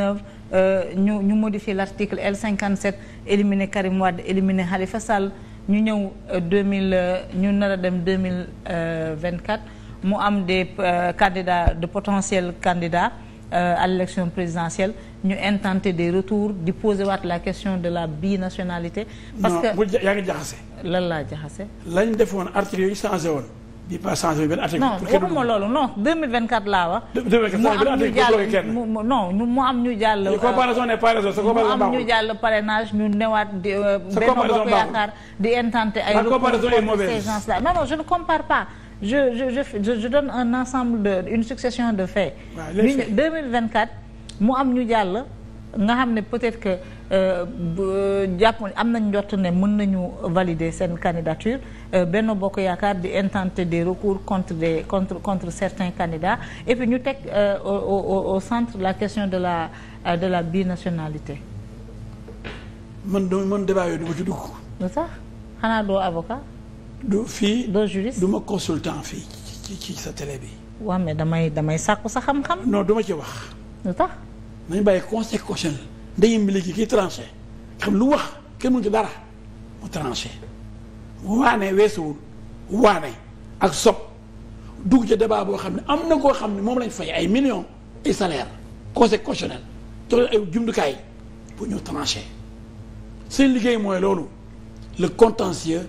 neuf euh, ñu ñu modifier l'article L cinquante sept éliminer Karim Wade éliminer Khalifa Sall ñu ñëw euh, deux mille euh, ñu nar a dem deux mille vingt quatre mu am des candidats de potentiels candidats à l'élection présidentielle ñu intenter des retours di poser waat la question de la bi binationalité. parce que non yaa ngi jaxase. lan laa jaxase. lañ defoon article yooyu changé woon. di pas changer benn article. pour que waxuma loolu non 2024 laa wax. 2024 mu am ñu jàll. li comparaison n'est pas raison sa euh, comparaison am ñu jàll parrainage ñu newaat di. Euh, sa comparaison baaxul benn bokk yaakaar di intenté ay. la comparaison est non je ne compare pas. je je je de une succession de faits. waaw 2024 mu am ñu jàll. nga xam ne peut-être que euh, jàpp am nañ njort ne mën nañu valider seen candidature euh, benn Bokk Yaakaar di intenter des recours contre des contre contre certains candidats et puis ñu teg euh, au centre la question de la de la binationalité. man do man débat yooyu du ci dugg. lu sax xanaa doo avocat. du fii doo juriste du ma consultant fii ci ci sa télé bi. waaw mais damay damay sàkku sa xam-xam. non du ci wax. nañ bàyyi conseil constitutionnel ndeyam bi léegi kii tranché xam lu wax kenn mënu ci dara mu tranché waane weesuwul waane ak sob dugg ci débat boo xam ne am na koo xam ne moom lañ fay ay millions ay salaire conseil constitutionnel ay jumtukaay pour ñu tranché seen liggéey mooy loolu le contentieux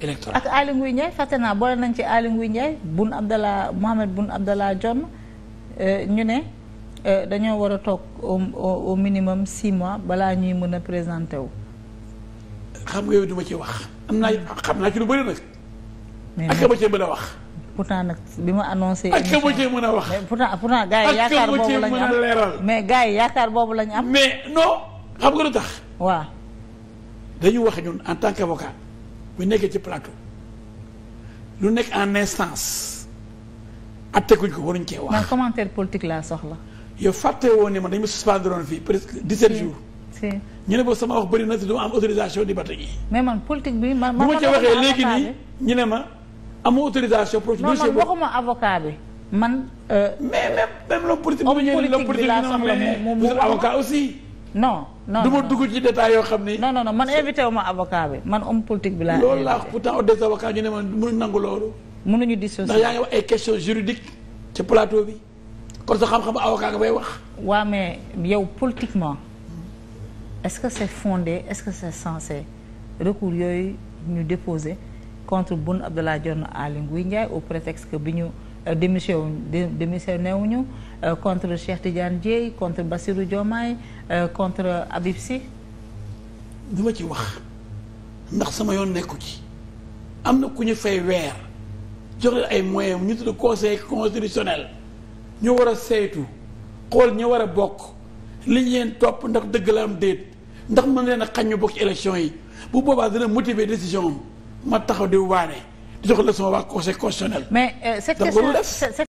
électoral. ak Aly Ngouille Ndiaye fàtte naa boole nañ ci Aly Ngouille Ndiaye Boun Abdallah Mohamed Boun Abdallah Dionne euh, ñu ne. Eh, dañoo war a toog au minimum six mois balaa ñuy mën a présenté wu. xam nga yow duma ci wax. am naa hmm. xam naa ci lu bëri nag. mais ak ma cee mën a wax. pourtant nag bi ma annoncé. ak ma cee mën a wax pourtant pourtant gars yi yaakaar boobu lañ am mais yaakaar boobu lañ am. mais non xam nga lu tax. waa dañu wax ñun en tant qu' avocat bu nekkee ci plateau lu nekk en instance atte kuñ ko waruñ ci wax. man commentaire politique laa soxla. yow fàtte woon ne man dañ ma suspendre woon fii presque 17 jours. ñu ne boobu sama wax bëri na si du ma am autorisation di bato yi. mais man politique bi man man bu ma ca waxee léegi nii ñu ne ma amoo autorisation. pour dossier boobu non man waxuma avocat bi. man. Euh, mais même même l'homme politique bi ñu ne l'homme politique bi ñu ne ma avocat aussi. non non du ma dugg ci détail yoo xam ni. non non non man invité wu ma avocat bi man homme politique bi laa. loolu laa pourtant des avocats ñu ne ma mënuñ nangu loolu. mënuñu dissocier ndax yaa ngi wax ay questions juridiques ci plateau bi. kon sa xam-xam avocat nga bay wax. waa mais yow politiquement est-ce que c'est fondé est-ce que c'est censé recours yooyu ñu déposé contre Boun Abdallah Dionne Aly Ngouille Ndiaye au prétexte que bi ñu euh, démissionné démissionné wuñu euh, contre Cheikh Tidiane Dièye contre Bassirou Diomaye euh, contre Habib Sy. du ma ci wax ndax sama yoon nekku ci am na ku ñu fay weer jox leen ay moyens ñu tudd conseil constitutionnel. ñu war a saytu xool ñu war a bokk li ñu topp ndax dëgg la am déet ndax mën leen a xañ ñu bokk ci élection yi bu boobaa dina motiver décision am ma taxaw di waane di jox la sama waa conseil constitutionnel. mais euh, cette question